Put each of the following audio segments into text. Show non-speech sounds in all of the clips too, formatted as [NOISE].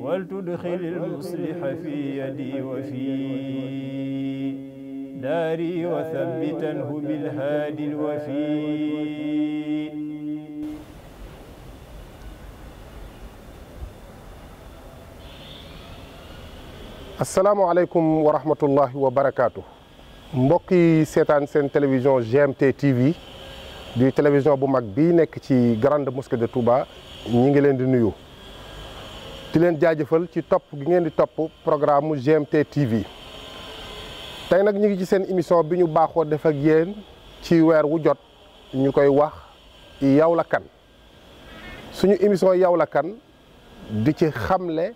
ولتدخل المصلح في يدي وفي داري وثبتنه بالهادي الوفي asalaamaaleykum wa rahmatullahi wa barakaatu mbokk yi seetaan seen télévision GMT TV di télévision bu mag bii nekk ci grande mosquée de Touba ñi ngi leen di nuyu. ci leen jaajëfal ci topp gi ngeen di topp programme mu GMT TV tey nag ñu ngi ci seen émission bi ñu baaxoo defak ak yéen ci weer wu jot ñu koy wax yow la kan suñu émission yow la di ci xamle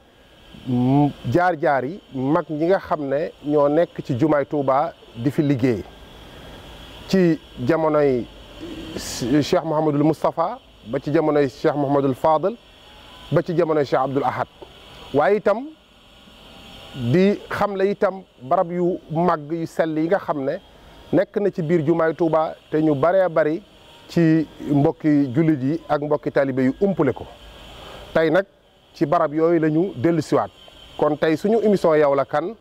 jaar-jaar yi mag ñi nga xam ne ñoo nekk ci jumaay tuuba di fi liggéey ci jamonoy Cheikh Mouhamadul Moustapha ba ci jamonoy Cheikh Mouhamadul Fadal ba ci jamono Cheikh Abdoul Ahad waaye itam di xamle la itam barab yu màgg yu sell yi nga xam ne nekk na ci biir jumaay Touba te ñu baree bari ci mbokki jullit yi ak mbokki talibe yu umpule ko tey nag ci barab yooyu lañu ñu dellusiwaat kon tey suñu émission yow la kan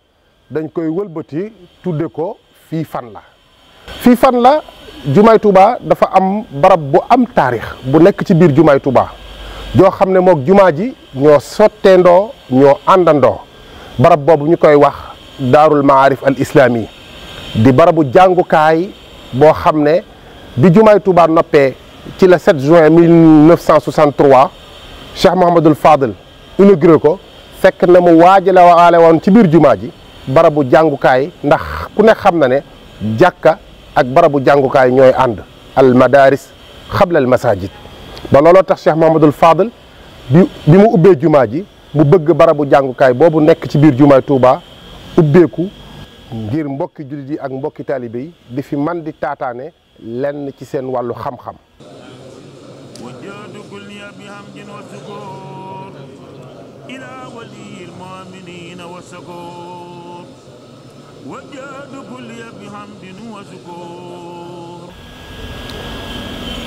dañ koy wëlbati tudde ko fii fan la fii fan la jumaay Touba dafa am barab bu am taarix bu nekk ci biir jumaay Touba joo xam ne moog jumaa ji ñoo sotteendoo ñoo àndandoo barab boobu ñu koy wax daarul maarif al islaami di barabu jàngukaay boo xam ne bi jumaay Tuubaa noppee ci la 7 juin 1963 Cheikh Mouhamadul Fadel inauguré ko fekk na mu waajale waale woon ci biir jumaa ji barabu jàngukaay ndax ku ne xam na ne jàkka ak barabu jàngukaay ñooy ànd al madaris xabla al ba tax Cheikh Mahamadul Fadal bi bi mu ubbee jumaa ji mu bëgg barabu jàngukaay boobu nekk ci biir jumaay Touba ubbeeku ngir mbokki jullit yi ak mbokki taalibe yi di fi man di taataane lenn ci seen wàllu xam-xam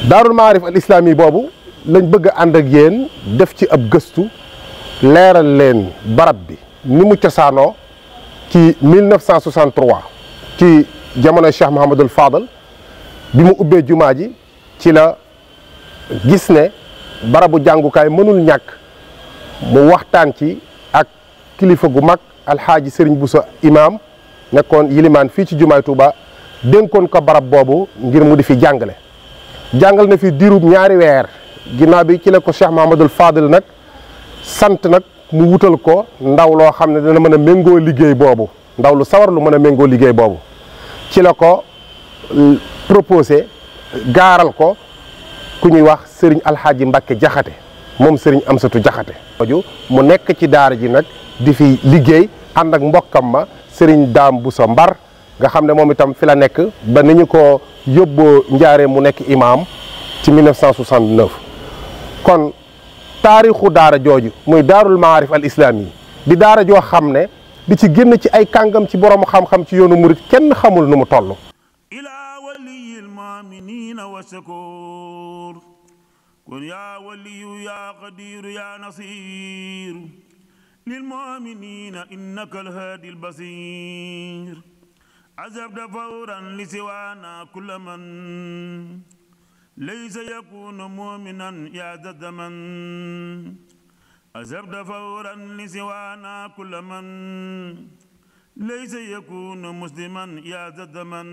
daarul maarif al islaami boobu lañ bëgg a ànd ak yéen def ci ab gëstu leeral leen barab bi ni mu cosaanoo ci 1963 ci jamono Cheikh Mouhamadul Fadal bi mu ubbee jumaa ji ci la gis ne barabu jàngukaay mënul ñàkk mu waxtaan ci ak kilifa gu mag alxaaji bu sa imaam nekkoon yilimaan fii ci jumaay Touba dénkoon ko barab boobu ngir mu di fi jàngale. jàngal na fi diirub ñaari weer ginnaaw bi ci la ko Cheikh Mahamadul Fadil nag sant nag mu wutal ko ndaw loo xam ne dana mën a méngoo liggéey boobu ndaw lu sawar lu mën a méngoo liggéey boobu ci la ko euh, proposé gaaral ko ku ñuy wax sëriñ alxaaji Mbàkke jaxate moom sëriñ Amsatu jaxate mu nekk ci daara ji nag di fi liggéey ànd ak mbokkam ma sëriñ daam bu sa mbar nga xam ne moom itam fi la nekk ba ni ñu ko yóbboo njaaree mu nekk imaam ci 1969 kon taarixu daara jooju muy daarul maarif al di daara joo xam ne di ci génn ci ay kàngam ci borom xam-xam ci yoonu murit kenn xamul nu mu toll ilaa waliyil muminina wa shakur kun yaa waliyu yaa qadiru yaa nasiru lil muminina innaka alhaadi albasir عزبت فورا لسوانا كل من ليس يكون مؤمنا يا ذا من عزبت فورا لسوانا كل من ليس يكون مسلما يا ذا من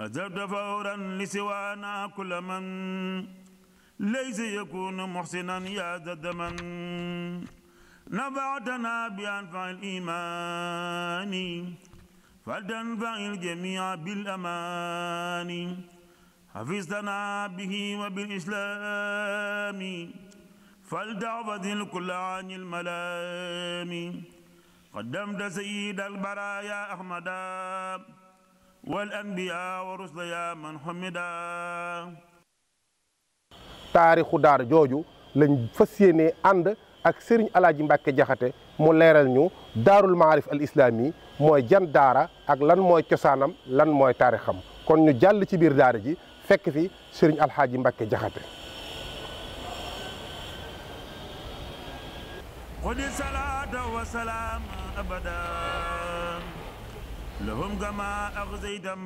عزبت فورا لسوانا كل من ليس يكون محسنا يا ذا من نبعتنا بأنفع الإيمان فلتنفع الجميع بالأمان حفظتنا به وبالإسلام فلتعفذ الكل عن الملام قدمت سيد البرايا أحمدا والأنبياء ورسل يا من حمدا taarixu daara jooju lañ fas yéene ànd ak sëriñ alaaji Mbàkke jaxate mu leeral ñu daarul maarif al islaami mooy jan daara ak lan mooy cosaanam lan mooy taarixam kon ñu jàll ci biir daara ji fekk fi sëriñ alxaaji Mbàkke jaxate xudi salaata wa salaam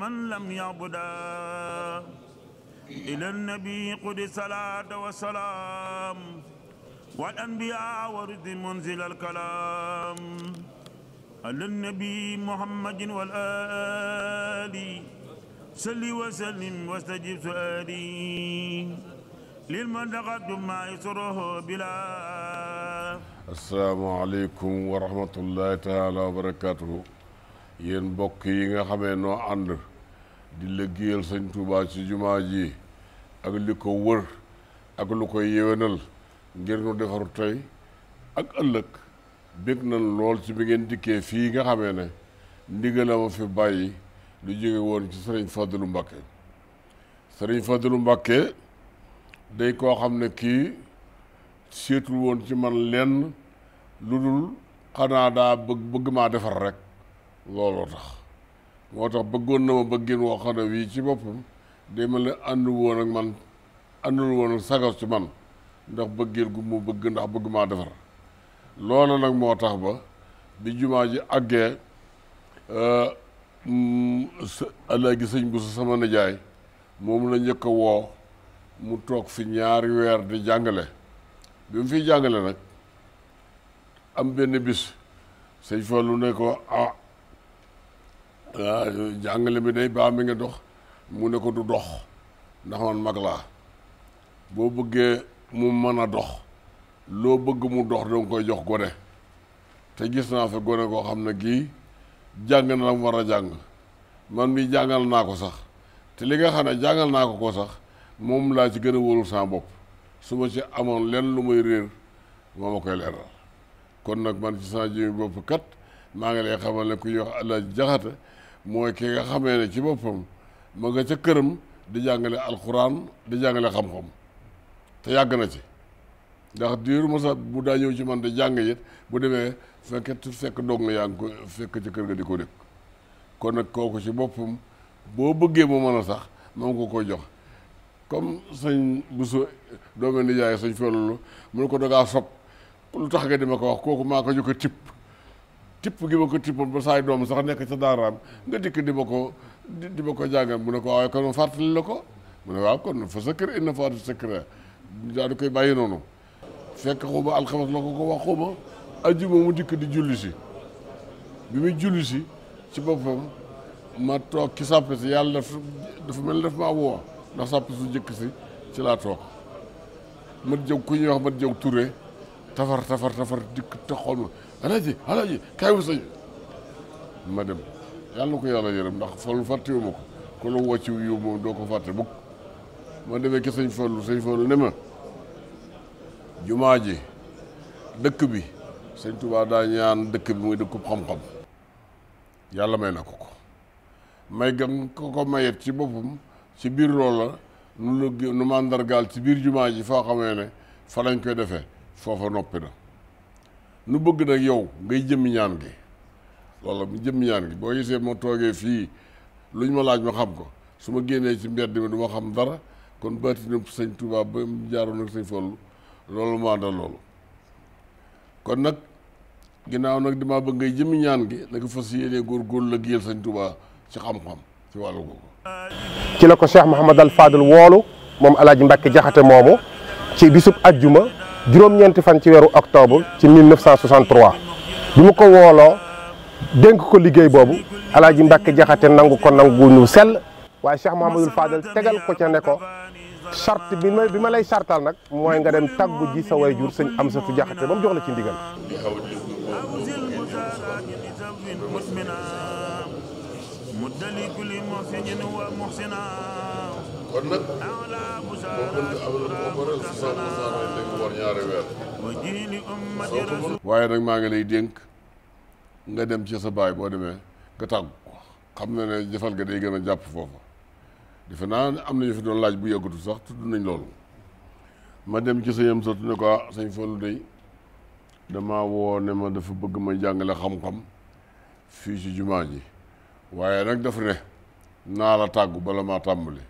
man lam yabuda ila nabi xudi salaata wa salaam والأنبياء ورد منزل الكلام على النبي محمد والآل صل وسلم واستجب سؤالي لمن تقدم ما يسره بلا السلام عليكم ورحمة الله تعالى وبركاته yéen mbokk yi nga xamee noo ànd di liggéeyal Sëñ Tuubaa ci jumaa ji ak li ko wër ak lu koy yéwénal ngir nu defaru tey ak ëllëg bég na lool ci bi ngeen dikkee fii nga xamee ne ndigal ma fi bàyyi lu jóge woon ci sëriñ Fadlu Mbàkke sëriñ Fadlu Mbàkke day koo xam ne kii seetul woon ci man lenn lu dul xanaa daa bëgg bëgg maa defar rek looloo tax moo tax bëggoon na ma bëggin woo xam ne wii ci boppam day mel woon ak man àndul woon ak sagas ci man ndax bëggeel gu mu bëgg ndax bëgg maa defar loolu nag moo tax ba bi jumaa ji àggee euh, mm, léegi sëñ bu sama nijaay moom la njëkk a woo mu toog fi ñaari weer di jàngale bi mu fiy jàngale nag am benn bis sëñ lu ne ko a ah, jàngale bi day baa mi nga dox mu ne ko du dox ndax man mag laa boo bëggee mu mën a dox loo bëgg mu dox danga koy jox gone te gis naa fi gone koo xam ne kii jàng na la war a jàng man mi jàngal naa ko sax te li nga xam ne jàngal naa ko ko sax moom laa ci gën a wóolu sama bopp su ma ci amoon lenn lu muy réer moo ma koy leeral kon nag man ci sama jëmmi bopp kat maa ngi lay xamal ne ku ñuy wax Alaaji Jaxate mooy ki nga xamee ne ci boppam ma nga ca këram di jàngale alxuraan di jàngale xam-xam te yàgg na ci ndax diiru mosa bu daa ñëw ci man de jàng it bu demee fekk fekk dog nga yaa ko fekk ci kër ga di ko dégg kon nag kooku ci boppam boo bëggee mu mën a sax ma ko jox comme sëñ Bousso doome nijaay sëñ Fallu mu ne ko dangaa sob lu tax nga di ma ko wax kooku maa ko ñu ko tipp tipp gi ma ko tippoon ba saay doom sax nekk ca daaraam nga dikk di ma di ma ko jàngal ne ko waaye kon fàttali la ko mu ne waaw kon fa sa kër inna faatu sa kër daal di koy bàyyi noonu fekk xaw ma alxames la ko ko wax xaw ma ajjuma mu dikk di julli si bi muy julli si ci boppam ma toog ci sàppe si yàlla dafa dafa mel ni daf maa woo ndax sàppe su jëkk si ci laa toog mat jëw ku ñuy wax mat jëw ture tafar tafar tafar dikk te xool ma alaaji alaaji kaay wu ma dem yàlla ko yàlla yërëm ndax fallu fàttewuma ko ku la woo ci yiw moom doo ko fàtte bukk ma demee ki sëñ fallu sëñ fallu ne ma jumaa ji dëkk bi sëñ Touba daa ñaan dëkk bi muy dëkkub xam-xam yàlla may na ko ko may gam ko ko mayet ci boppam ci biir lool la nu lu nu màndargaal ci biir jumaa ji foo xamee ne fa lañ koy defee foofa noppi na nu bëgg nag yow ngay jëmmi ñaan gi loola mu jëmmi ñaan gi boo gisee ma toogee fii lu ñu ma laaj ma xam ko su ma génnee ci mbedd mi du ma xam dara kon baatinu sëñ Touba ba mu jaaroon ak sëñ Fallu loolu moo àndal loolu kon nag ginnaaw nag damaa bëgg ngay jëmi ñaan gi naka fas yéene góorgóorlu la giyal Sëñ Tuubaa ci xam-xam ci wàllu googu ci la ko Cheikh Mouhamad al Fadil woolu moom Alaaji Mbàkke Jaxate moomu ci bisub ajjuma juróom-ñeenti fan ci weeru octobre ci 1963 bi mu ko wooloo dénk ko liggéey boobu Alaaji Mbàkke Jaxate nangu ko nangu ñu sell waaye Cheikh Mouhamadul Fadil tegal ko ca ne ko charte bi ma bi ma lay sartal nag mooy nga dem tàggu ji sa way jur sëñ am sa tu jaxate ba mu jox la ci ndigal kon nag boo xamante am ñaari weer. waaye nag maa ngi lay dénk nga dem ci sa baay boo demee nga tàggu xam na ne jëfal nga gën a jàpp foofa. defe naa am na ñu fi doon laaj bu yàggatu sax tudd nañ loolu ma dem ci sëñam sotu ne ko ah, sëñ Fallou dey dama woo ma dafa bëgg ma jàngale xam-xam fii ci jumaa ji waaye nag dafa ne naa la tàggu bala maa tàmbali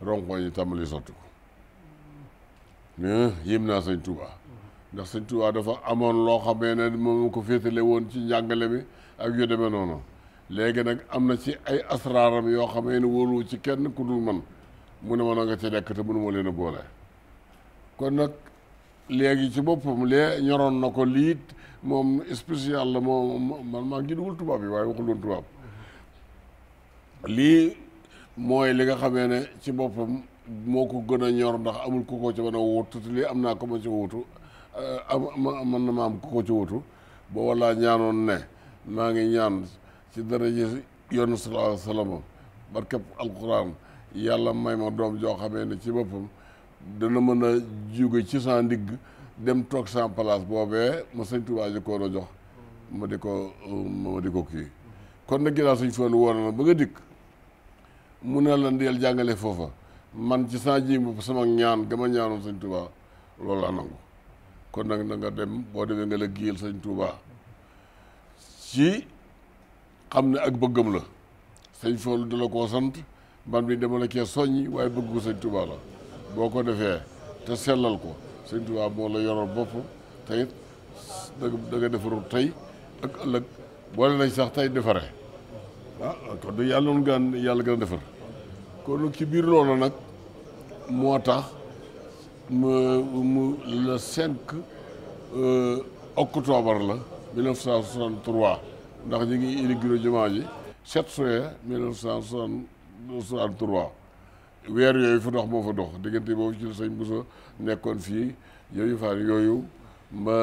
ronkoo ñi tàmbali sotti ko yéem naa sëñ Touba ndax sëñ Touba dafa amoon loo xamee ne moom ko féetale woon ci njàngale mi ak yu demee noonu léegi nag am na ci ay asraaram yoo xamee ne wóoruwu ci kenn ku dul man mu ne ma nga ci nekk te mënuma leen a boole kon nag léegi ci boppam li ñoroon na ko liit moom spécial la moom man maa ngi dugal tubaab yi waaye lii mooy li nga xamee ne ci boppam moo ko gën a ñor ndax amul ku ci mën a wutu lii am naa ko ma ci wutu euh, am man ma ci wutu ba walla ñaanoon ne maa ngi ñaan ci daraja yoonu sallallahu alayhi wa sallam barkab alquran yàlla may ma doom joo xamee ne ci boppam dana mën a jóge ci sa ndigg dem toog sa place boobee ma sëñ Tuubaa ji koo jox ma di ko ma di ko kii kon nag ginnaaw suñ foolu woon na ba nga dikk mun ne la ndeel jàngale foofa man ci saa ji bopp sama ñaan gama ñaanoon sëñ Tuubaa loolu laa nangu kon nag na nga dem boo demee nga la giyal sëñ Tuubaa ci xam ne ak bëggam la sëñ Fallu da la koo sant man bi dama la cee waaye bëggu sëñ Tuubaa la boo ko defee te sellal ko sëñ Tuubaa moo la yoroon bopp te it da nga tey ak ëllëg boole nañ sax tey defaree ah kon yàlla noonu yàlla gën a defar ci biir loolu nag moo tax mu mu le 5 euh, octobre la 1963 ndax ñu ngi inauguré jumaa ji 7 juin 1963 weer yooyu fa dox moo fa dox diggante boobu ci la sëñ Bousso nekkoon fii yooyu faar yooyu ma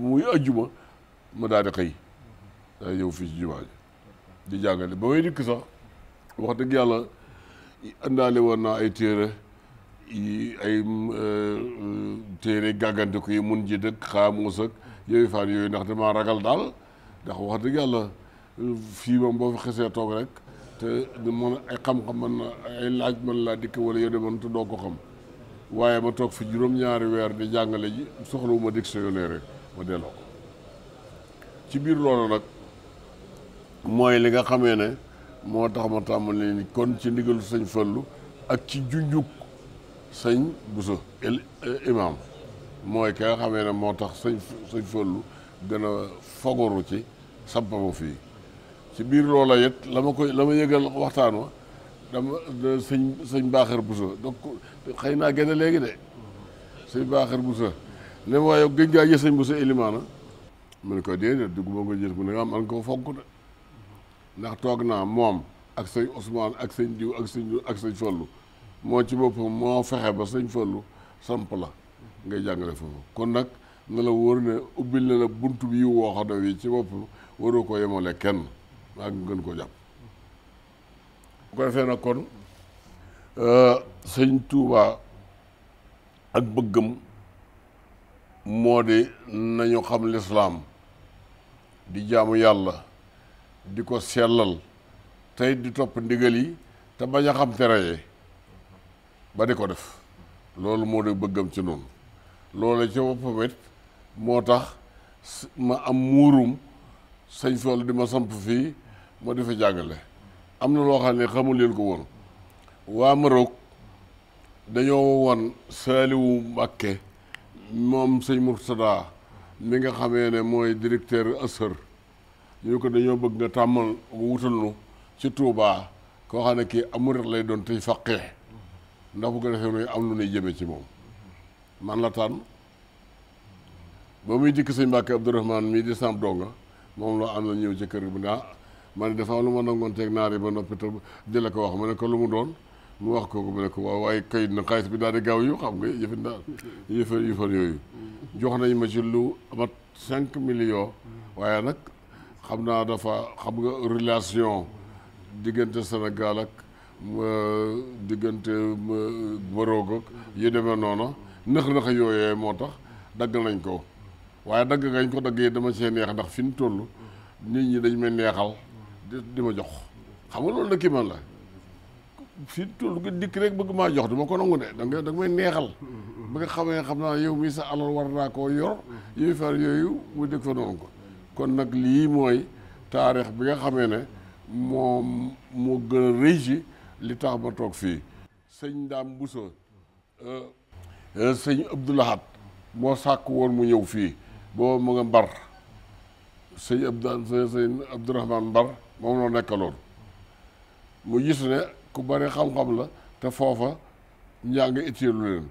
muy ajjuma ma daal di xëy daa ñëw fii ci jumaa ji di jàngale ba may dikk sax wax dëgg yàlla indaale woon naa ay téere ay euh, euh, téere gàggantiku yi mun ji dëkk xaamuus ak yooyu faan yooyu ndax damaa ragal daal ndax wax dëgg yàlla fii moom boo fi xesee toog rek te mën ay xam-xam mën na ay laaj mën laa dikk wala yow de mën te doo ko xam waaye ma toog fi juróom-ñaari weer di jàngale ji soxlawuma dictionnaire ma delloo ko ci biir loolu nag mooy li nga xamee ne moo tax ma tàmbali ni kon ci ndigalu Sëñ Fallu ak ci junjuk sëñ Bousso e, imam mooy ki nga xamee ne moo tax sëñ sëñ Fallu gën a fogoru ci sampamu fii ci biir loola it la ma koy la ma yëgal waxtaan wa dama sëñ sëñ Baaxar Bousso donc xëy naa génne léegi de sëñ Baaxar Bousso ne ma waaye gëj gaa gis sëñ Bousso Elimaana mu ne ko déedéet dugguma nga gis mu ne am an ko fonk de ndax toog naa moom ak sëñ Ousmane ak sëñ Diw ak sëñ ak sëñ Fallu moo ci boppam moo fexe ba sëñ Fallou samp la ngay jàngale foofu kon nag na la wóor ne ubbil na la bunt bi woo xam wi ci boppam waroo ko yemale kenn maa ngi gën ko jàpp bu ko defee nag kon euh, sëñ Touba ak bëggam moo di nañu xam lislaam di jaamu yàlla di ko sellal tey di topp ndigal yi te bañ a xam tere yi ba di ko def loolu moo di bëggam ci noonu loolu ca boppam moo tax ma am muurum sëñ Fallu di ma samp fii ma di fi jàngale am na loo xam ne xamul leen ko woon waa Maroc dañoo won Saaliwu Mbàkke moom sëñ Murtada mi nga xamee ne mooy directeur Asër ñu ko dañoo bëgg nga tàmmal wutal nu ci Tuubaa koo xam ne kii amurit lay doon tey faqee ndax bu ko defee nuy am lu nuy jëmee ci moom man la tànn ba muy dikk sëñ Mbàkke Abdourahman mii di samp donga moom loo am la ñëw ci kër bi naa ah, man dafa lu ma nangoon teeg naar yi ba noppi te di la ko wax ma ne lu mu doon mu wax kooku mu ne ko waaye kayit na xaalis bi daal di gaaw yu xam nga yëfin daal yëfar yëfar yooyu jox nañ ma ci lu amat cinq millions waaye nag xam naa dafa xam nga relation diggante Sénégal ak diggante Morog yu demee noonu nëx-nëx yooyee moo tax dagg nañ ko waaye dagg gañ ko dagg yi dama see neex ndax fi ñu toll nit ñi dañ may neexal di ma jox xam nga loolu nag kii man la fi dikk rek bëgg maa jox du ma ko nangu danga danga may neexal ba nga xamee xam naa yow mi sa alal war naa koo yor yooyu far yooyu mu dëkk fa noonu ko kon nag lii mooy taarix bi nga xamee ne moom moo gën a réy li tax ma toog fii sëñ Ndaam Bousso euh, euh, sëñ Abdoulahat moo sàkk woon mu ñëw fii booba mu nga mbar sëñ Abdou sëñ Abdourahman mbar moom loo mu gis ne ku bari xam-xam la te foofa njàng itteelu leen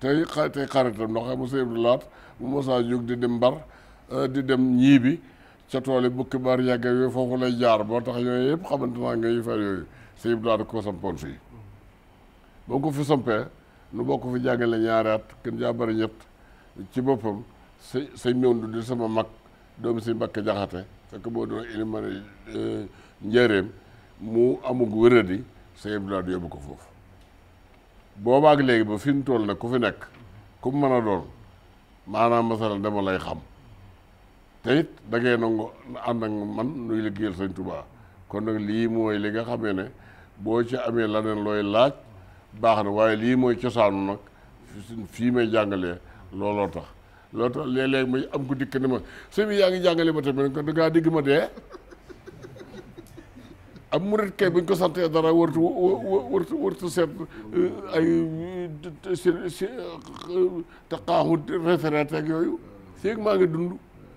tey xa la xaritam ndax mu sëñ Abdoulahat mu mosaa jóg di dem mbar euh, di dem ñii bi ca yi bukki bar yàgge yooyu foofu lay jaar boo tax yooyu yëpp xamante naa ngay far yooyu sëñ Abdoulaye da ko sampoon fii boo ko fi sampee nu boo ko fi jàngale ñaari at kenn jaa bari ñett ci boppam sëñ sëñ Mewndu di sama mag doomu sëñ Mbakke Jaxate boo doon ilimane eh, mu amug wéradi sëñ Abdoulaye di yóbbu ko foofu boobaak léegi ba fi tool nag ku fi nekk ku mu mën a doon maanaam masala dama lay xam te it da ngay nangu ànd ak man nuy liggéeyal sëñ Tuubaa kon lii mooy li nga xamee ne boo ci amee la laneen looy laaj baax na waaye lii mooy cosaanu nag fii may jàngalee looloo tax loolu tax léeg-léeg may am ku dikk ne ma sëñ bi yaa ngi jàngale ba tamit kon da ngaa digg ma dee am murit kay buñ ko santee dara wartu wartu wartu seet eh, ay te xaaxu référé ak yooyu feeg maa ngi dund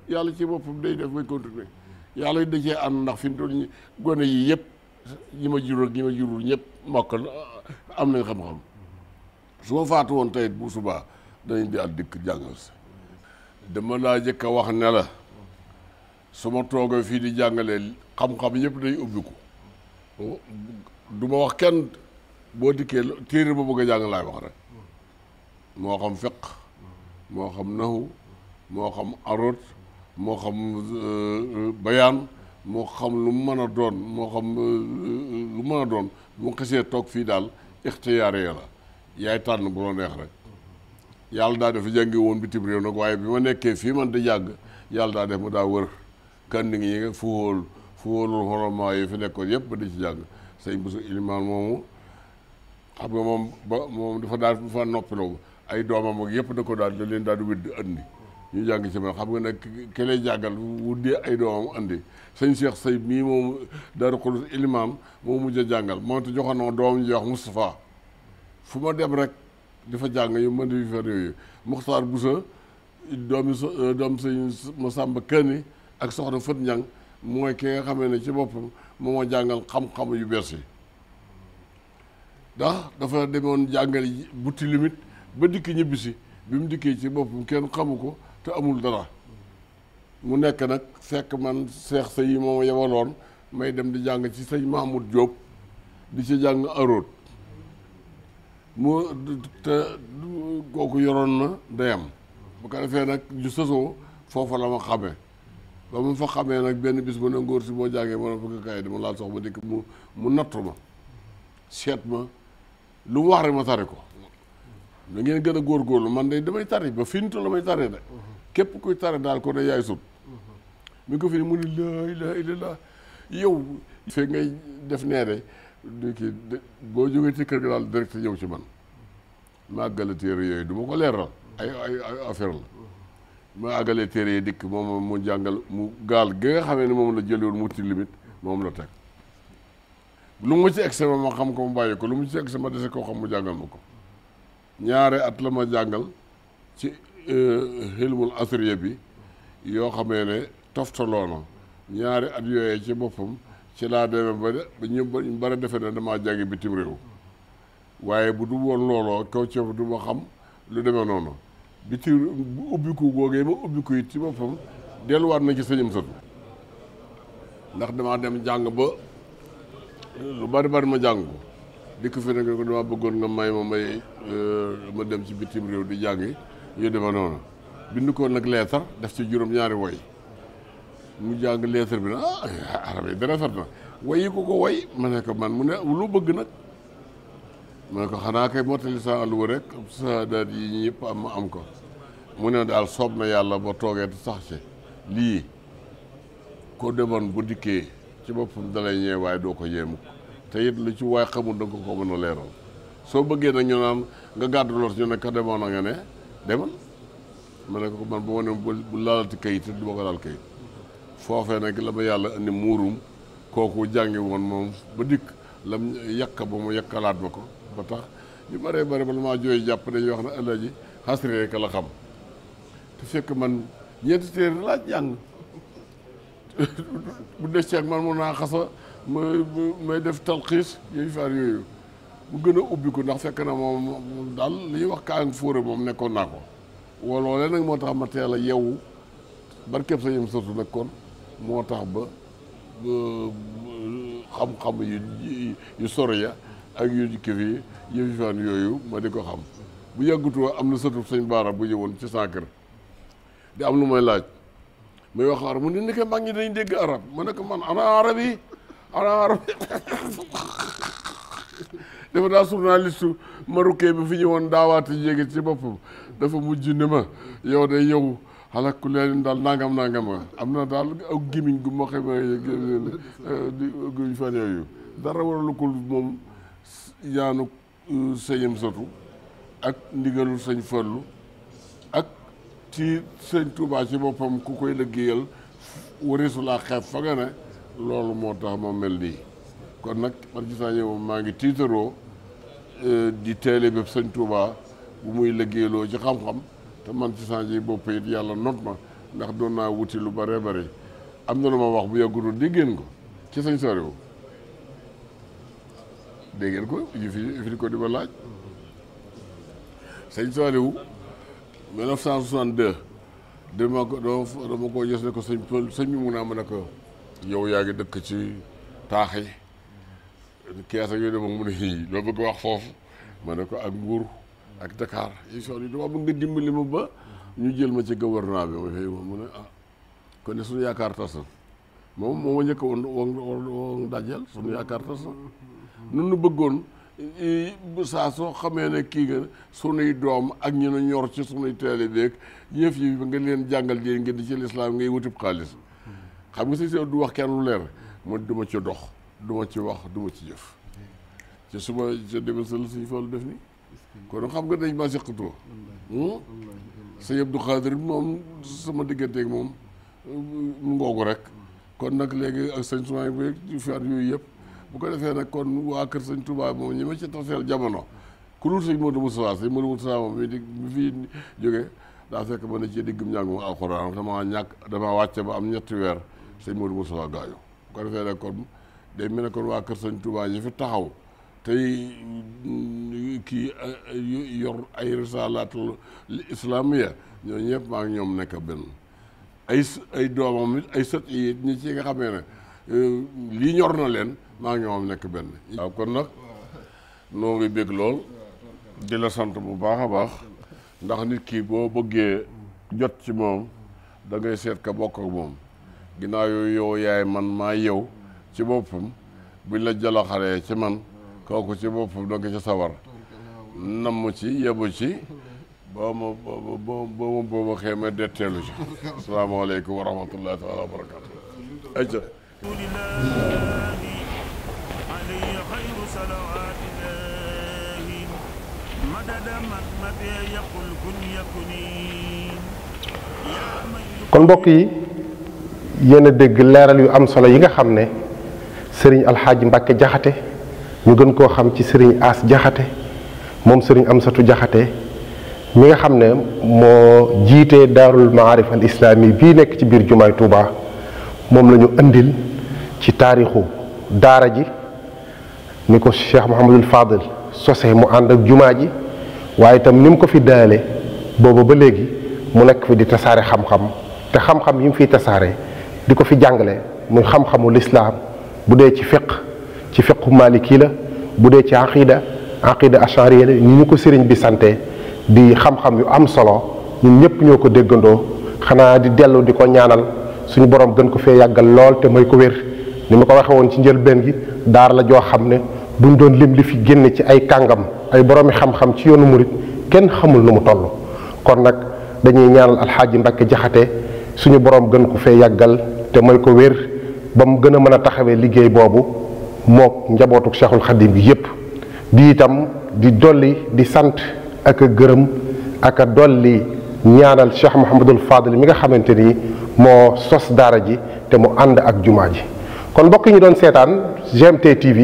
yàlla ci boppam day def may continuer yàlla da cee ànd ndax fi mu toll gone yii yëpp ñi ma jural yi ma jurul ñëpp mokkal am nañ xam-xam su ma faatu woon tey bu subaa danañ di at dikk jàngal si dama laa jëkk a wax ne la su ma toogee fii di jàngalee xam-xam yëpp day ubbiku du ma wax kenn boo dikkee téere ba bëgg a jàng laay wax rek moo xam fiq moo xam nahu moo xam arut moo xam euh, euh, bayaan moo xam lu mën a doon moo xam euh, euh, lu mën a doon mu ma toog fii daal ixtiyaare ya la yaay tànn bu la neex rek yàlla daa def jàngi woon bitim réew nag bi ma nekkee fii man di jàgg yàlla daa def ma daa wër kan ngi fu wóol fu yi fi nekkoon yëpp ba di ci jàgg sëñ bésu ilimaan moomu xam nga moom ba moom dafa daal fa noppiloo ay doomam ak yëpp da ko daal da leen daal di wédd andi ñu jàng ci man xam nga nag ke lay jàggal wu dee ay doomam indi sëñ Cheikh Sey mii moom Daaru Xudus ilimaam moo mujj a jàngal moom te joxoon na doomam ñu wax Moustapha ma dem rek dafa jàng yu mën yooyu Muxtaar Busa doomi euh, doom sëñ Masamba Kanni ak soxna Fët njàng mooy ki nga xamee ne ci boppam a jàngal xam-xam yu bees yi ndax dafa demoon jàngal butti limite ba dikk ñibbisi bi mu dikkee ci boppam kenn xamu ko te amul dara mu nekk nag fekk man seex sa yi moom yebaloon may dem di jàng ci sëñ Mahmoud Diop di ci jàng aróot mu te kooku yoroon na dayam bu ko defee nag ju sosoo foofa la ma xamee ba mu fa xamee nag benn bis mu ne ngóor si boo jàngee ma ne ko kaay dama laal sox ma dikk mu mu nattu ma seet ma lu mu wax rek ma tari ko lu ngeen gën a góor góorlu man de damay tari ba fintu la may tari de képp kuy tare daal ko ne yaay sut mi ko fi ne mu ne laa ilaaha illallaah yow fee ngay def neere du boo jógee ci kër gi daal direct ñëw ci man ma àggale téere yooyu duma ma ko leeral ay ay affaire la ma àggale téere yi dikk moom mu jàngal mu gaal gi nga xamee ne moom la jëliwoon mu tilimit moom la teg lu mu ci egg ma xam ko mu bàyyi ko lu mu ci egg sama dese koo xam mu jàngal ma ko ñaare at la ma jàngal ci Euh, xilmul asriya bi yoo xamee ne toftaloo na ñaari at yooyee ci boppam ci laa demee ba ba ñu bari defe ne damaa jàngi bitim réew waaye bu du woon looloo kaw ci lu demee noonu bitim ubbiku googee ma ubbiku it ci boppam delluwaat na ci sëñam satu ndax damaa dem jàng ba lu bari bari ma jàng ko dikk fi ne ko damaa bëggoon nga may ma may euh, ma dem ci bitim réew di jàngi yu demee noonu bind ko nag leetar def ci juróom-ñaari woy mu jàng leetar bi na ah arab yi dara na woy yi ko ko woy ma ne man mu ne lu bëgg nag ma ne ko xanaa kay mottali sa àlluwa rek sa daat yi ñu yëpp am am ko mu ne daal soob na yàlla ba toogee sax ci lii ko demoon bu dikkee ci boppam dalay ñëwee waaye doo ko yéemu te it lu ci waay xamul da nga ko mën a leeral soo bëggee nag ñu naan nga gàddu lool ñu nekk ka demoon na nga demal ma ne ko man bu ma ne bu laalati kayit du ma ko laal kayit foofee nag la ma yàlla indi muurum kooku jàngi woon moom ba dikk lam yàq ba mu yàqalaat ma ko ba tax yu bëree bëri bala maa jooy jàpp dañuy wax ne ëllëg ji xasri rek la xam te fekk man ñeenti téere laa jàng [LAUGHS] bu des ceeg man mun naa xasa may may def talxiis yooyu yooyu bu gën a ubbi ko ndax fekk na moom daal li ñuy wax kaang fóore moom nekkoon naa ko waloole nag moo tax ma teel a yeewu barkeb sa yem surtout nag moo tax ba xam-xam yu yu sore ya ak yu jikki fi yëfi yooyu ma di ko xam bu yàggutoo am na sëtu sëñ baara bu ñëwoon ci saa kër di am lu may laaj may wax arab mu ne ni ko mag ñi dañ dégg arab ma ne man ana arab [LAUGHS] dafa naa journaliste marocain bi fi ñëwoon daawaate yéegi ci boppam dafa mujj ne ma yow day yow xalaat ku leen daal nangam nangam am na daal ak gémmiñ gu ma xamee guñ euh, fan yooyu dara waralu ko moom yaanu euh, sëñam satu ak ndigalul sëñ Fallu ak ci sëñ Touba ci boppam ku koy liggéeyal warisu laa xeeb fa nga loolu moo tax ma mel nii kon nag man gis naa ne maa ngi tiitaroo Euh, di teele bépp sëñ Touba bu muy liggéeyloo ci xam-xam te man ci changé bopp it yàlla not ma ndax doon naa wuti lu bare bare am na lu ma wax bu yàggudul dégg ngeen ko ci sëñ Soriw dégg ngeen ko yu fi yu fi ko di ma laaj sëñ Soriw 1962 dama ko dama ko gis ne ko sëñ sëñ bi mu naa mën a ko yow yaa ngi dëkk ci taax yi kees yooyu de moom mu ne hii loo bëgg wax foofu ma ne ko ak Mbour ak Dakar yi yi dama bëgg dimbali ma ba ñu jël ma ci gouvernement bi ma mu ne ah kon ne suñu yaakaar tas moom moo ma njëkk woon woon dajal suñu yaakaar tas na nun bëggoon saa soo xamee ne kii nga sunuy doom ak ñu nu ñor ci sunuy teele beeg yëf yi nga leen jàngal di ngeen di ci lislaam ngay wutib xaalis xam nga si du wax kenn lu leer man duma ci dox du ma ci wax du ma ci jëf ci suba ca demal sa la suñu fàllu def ni kon xam nga dañ maa seqatoo hmm? sëñ Abdou Khadir moom sama digganteeg moom ngoogu rek kon nag léegi ak sëñ Soumaye bi fi at yëpp bu ko defee nag kon waa kër sëñ Touba moom ñi ma ci taseel jamono ku dul sëñ Modou Moussa sëñ Modou Moussa moom mi di mi fi jógee daa fekk ma ne ci diggum njàngum alxuraan damaa ñàkk damaa wàcce ba am ñetti weer sëñ Modou Moussa gaañu bu ko defee nag kon day mel ne kon waa Kër Sëñ Touba yi fi taxaw tey mm, kii yor ay risalaatul islamiya ñoo ñëpp maa ngi ñoom nekk benn ay ay doomam it ay sët yi ñi ci nga xamee ne eh, lii ñor na leen maa ngi ñoom nekk benn waaw kon nag noo ngi bég lool di la sant bu baax a baax ndax nit kii boo bëggee jot ci moom dangay ngay seet ka bokk ak moom ginnaaw yooyu yow yaay man maa yow ci boppam buñ la jaloxaree ci man kooku ci boppam doo ci sawar namm ci yebu ci boo ma boo ma detteelu ci asalaamaaleykum wa rahmatullahi taala wa barakatu ayca kon mbokk yi yéen a dégg leeral yu am solo yi nga xam ne sëriñ alxaaji mbàkke jaxate ñu gën koo xam ci sëriñ aas jaxate moom sëriñ amsatu jaxate mi nga xam ne moo jiitee daarul maarif al islaami bii nekk ci biir jumaay Touba moom lañu indil ci taarixu daara ji ni ko cheikh Mouhamadul Fadil sose mu ànd ak jumaa ji waaye itam ni mu ko fi daale booba ba léegi mu nekk fi di tasaare xam-xam te xam-xam yi mu fiy tasaare di ko fi jàngale muy xam-xamu lislaam bu dee ci fiq ci fiqu maliki la bu dee ci aqida aqida ashariya la ñu ñu ko sëriñ bi sante di xam-xam yu am solo ñun ñëpp ñoo ko déggandoo xanaa di dellu di ko ñaanal suñu borom gën ko fee yàggal lool te may ko wér ni ma ko waxe woon ci njëlbeen gi daar la joo xam ne buñ doon lim li fi génne ci ay kàngam ay boroomi xam-xam ci yoonu murit kenn xamul nu mu toll kon nag dañuy ñaanal alxaaji Mbàkke jaxate suñu borom gën ko fee yàggal te may ko wér ba mu gën a mën a taxawee liggéey boobu mook njabootu Cheikhul Xadim gi yépp di itam di dolli di sant ak a gërëm ak a dolli ñaanal Cheikh Mouhamadul Fadil mi nga xamante ni moo sos daara ji te mu ànd ak jumaa ji kon mbokk ñu doon seetaan GMT TV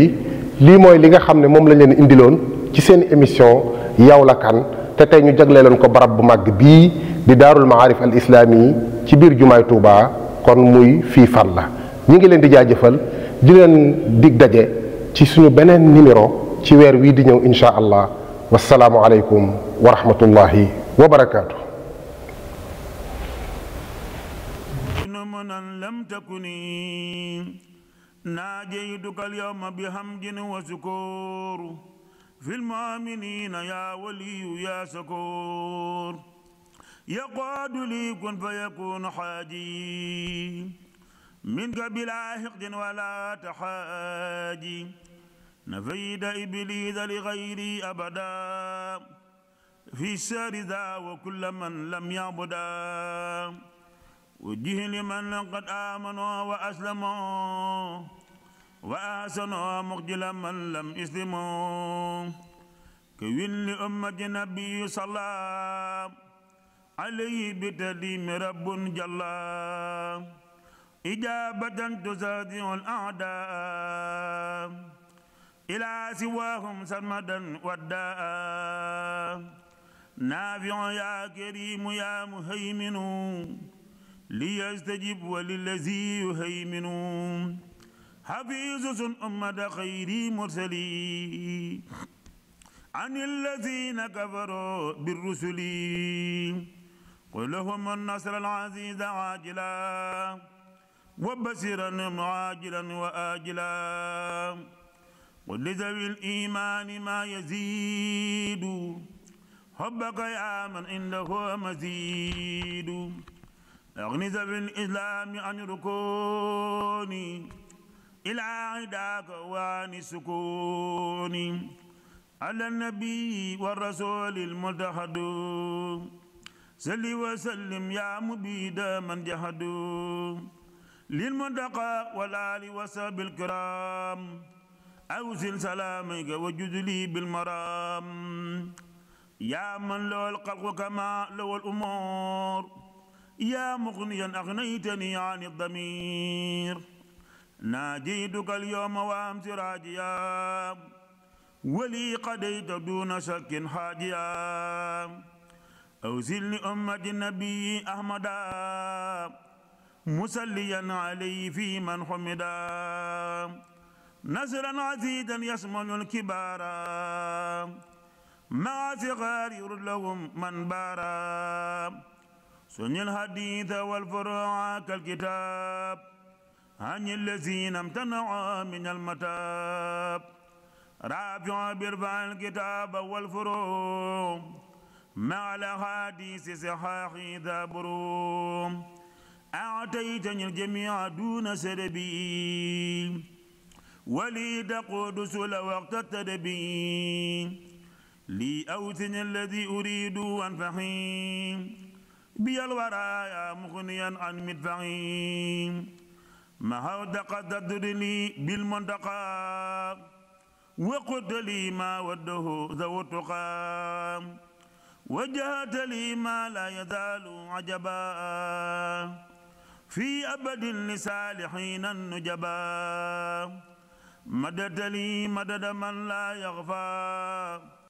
lii mooy li nga xam ne moom lañ leen indiloon ci seen émission yow la kan te tey ñu jagleeloon ko barab bu màgg bii di daarul maarif al islaami ci biir jumaay Touba kon muy fii fan la ñi ngi leen di jaajëfal di leen di daje ci suñu beneen numéro ci weer wi di ñëw incha allah wasalaamu aleykum wa rahmatullahi wa barakaatu. ناجيتك اليوم بحمد وشكور في المؤمنين يا ولي يا شكور يقعد لي كن فيكون حاجي منك بلا حقد ولا تحاجي نفيد إبليس لغيري أبدا في الشر ذا وكل من لم يعبدا وجه لمن قد آمنوا وأسلموا وأحسنوا مخجل من لم يسلموا كوين لأمة النبي صلى الله عليه بتديم رب جل إجابة تزادع الأعداء إلى سواهم سرمدا وداء نافع يا كريم يا مهيمن ليستجب وللذي يهيمن حفيظ أمة خير مرسلي عن الذين كفروا بالرسل قل لهم النصر العزيز عاجلا wa basiran ajilan wa ajilan qul li zawil imani ma yazidu hubbaka ya man indahu mazidu أغن ذوي الإسلام عن ركوني إلى عداك وعن سكوني على النبي والرسول المتحد صل وسلم يا مبيد من جحدوا للمنتقى والآل وصحب الكرام أوزل سلامك وجدلي بالمرام يا من له الخلق كما له الأمور يا مغنيا أغنيتني عن الضمير ناجيتك اليوم وأمس راجيا ولي قديت دون شك حاجيا أوزل لأمة النبي أحمدا مسليا عليه في من حمدا نزرا عزيزا يسمن الكبارا مع صغار لهم من بارا سن الحديث والفروع كالكتاب عن الذين امتنعوا من المتاب رافع برفع الكتاب والفروع مع الأحاديث صحاح ذا بروم أعطيتني الجميع دون سربي ولي تقود سل وقت التدبي لي أوثني الذي أريد أنفحي بي الورايا مغنيا عن مدفعي ما هو تقدر لي بالمنطقة وقد لي ما وده ذو التقى وجهت لي ما لا يزال عجبا في أبد لصالحين النجبا مدد لي مدد من لا يغفى